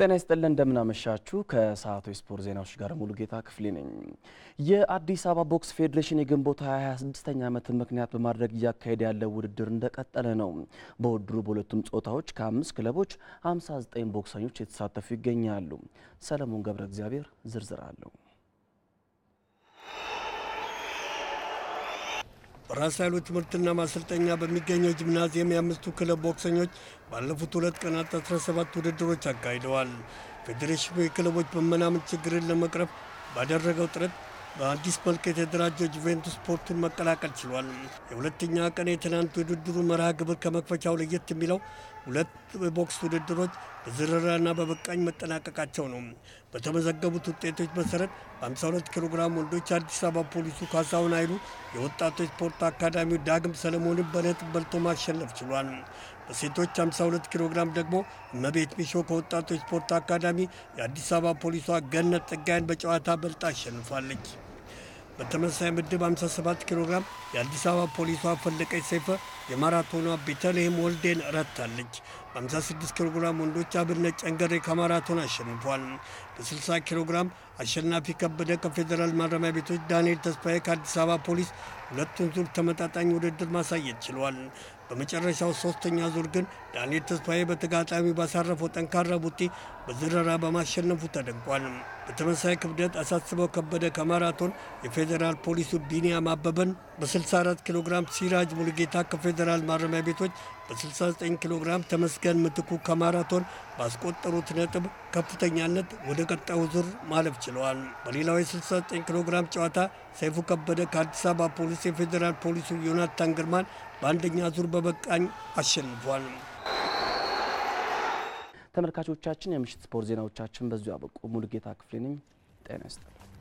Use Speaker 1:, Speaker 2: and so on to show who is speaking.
Speaker 1: ጤና ይስጥልን እንደምናመሻችሁ። ከሰዓቱ የስፖርት ዜናዎች ጋር ጌታ ክፍሌ ነኝ። የአዲስ አበባ ቦክስ ፌዴሬሽን የግንቦት 26ኛ ዓመትን ምክንያት በማድረግ እያካሄደ ያለው ውድድር እንደቀጠለ ነው። በውድድሩ በሁለቱም ጾታዎች ከአምስት ክለቦች 59 ቦክሰኞች የተሳተፉ ይገኛሉ። ሰለሞን ገብረ እግዚአብሔር ዝርዝር አለው።
Speaker 2: በራስ ኃይሉ ትምህርትና ማሰልጠኛ በሚገኘው ጂምናዚየም የአምስቱ ክለብ ቦክሰኞች ባለፉት ሁለት ቀናት 17 ውድድሮች አካሂደዋል። ፌዴሬሽኑ የክለቦች መመናመን ችግርን ለመቅረፍ ባደረገው ጥረት በአዲስ መልክ የተደራጀው ጁቬንቱስ ስፖርቱን መቀላቀል ችሏል። የሁለተኛ ቀን የትናንት ውድድሩ መርሃ ግብር ከመክፈቻው ለየት የሚለው ሁለት የቦክስ ውድድሮች በዝርራና በበቃኝ መጠናቀቃቸው ነው። በተመዘገቡት ውጤቶች መሰረት በ52 ኪሎ ግራም ወንዶች አዲስ አበባ ፖሊሱ ካሳሁን ኃይሉ የወጣቶች ስፖርት አካዳሚው ዳግም ሰለሞንን በነጥብ በልቶ ማሸነፍ ችሏል። በሴቶች 52 ኪሎ ግራም ደግሞ እመቤት ሚሾ ከወጣቶች ስፖርት አካዳሚ የአዲስ አበባ ፖሊሷ ገነት ጥጋይን በጨዋታ በልጣ አሸንፋለች። በተመሳሳይ ምድብ 57 ኪሎ ግራም የአዲስ አበባ ፖሊሷ ፈለቀች ሰይፈ የማራቶኗ ቤተልሔም ወልዴን ረታለች። በ56 ኪሎ ግራም ወንዶች አብነት ጨንገሬ ከማራቶን አሸንፏል። በ60 ኪሎ ግራም አሸናፊ ከበደ ከፌዴራል ማረሚያ ቤቶች፣ ዳንኤል ተስፋዬ ከአዲስ አበባ ፖሊስ ሁለቱን ዙር ተመጣጣኝ ውድድር ማሳየት ችሏል። በመጨረሻው ሶስተኛ ዙር ግን ዳንኤል ተስፋዬ በተጋጣሚ ባሳረፈው ጠንካራ ቡጢ በዝረራ በማሸነፉ ተደንቋል። በተመሳሳይ ክብደት አሳስበው ከበደ ከማራቶን የፌዴራል ፖሊሱ ቢኒያም አበበን በ64 ኪሎ ግራም፣ ሲራጅ ሙሉጌታ ከፌዴራል ማረሚያ ቤቶች በ69 ኪሎ ግራም፣ ተመስገን ምትኩ ከማራቶን ባስቆጠሩት ነጥብ ከፍተኛነት ወደ ቀጣዩ ዙር ማለፍ ችለዋል። በሌላው የ69 ኪሎ ግራም ጨዋታ ሰይፉ ከበደ ከአዲስ አበባ ፖሊስ የፌዴራል ፖሊሱ ዮናታን ግርማን በአንደኛ ዙር በ በበቃኝ አሸንፏል።
Speaker 1: ተመልካቾቻችን፣ የምሽት ስፖርት ዜናዎቻችን በዚሁ አበቁ። ሙሉጌታ ክፍሌ ነኝ። ጤና ይስጥልኝ።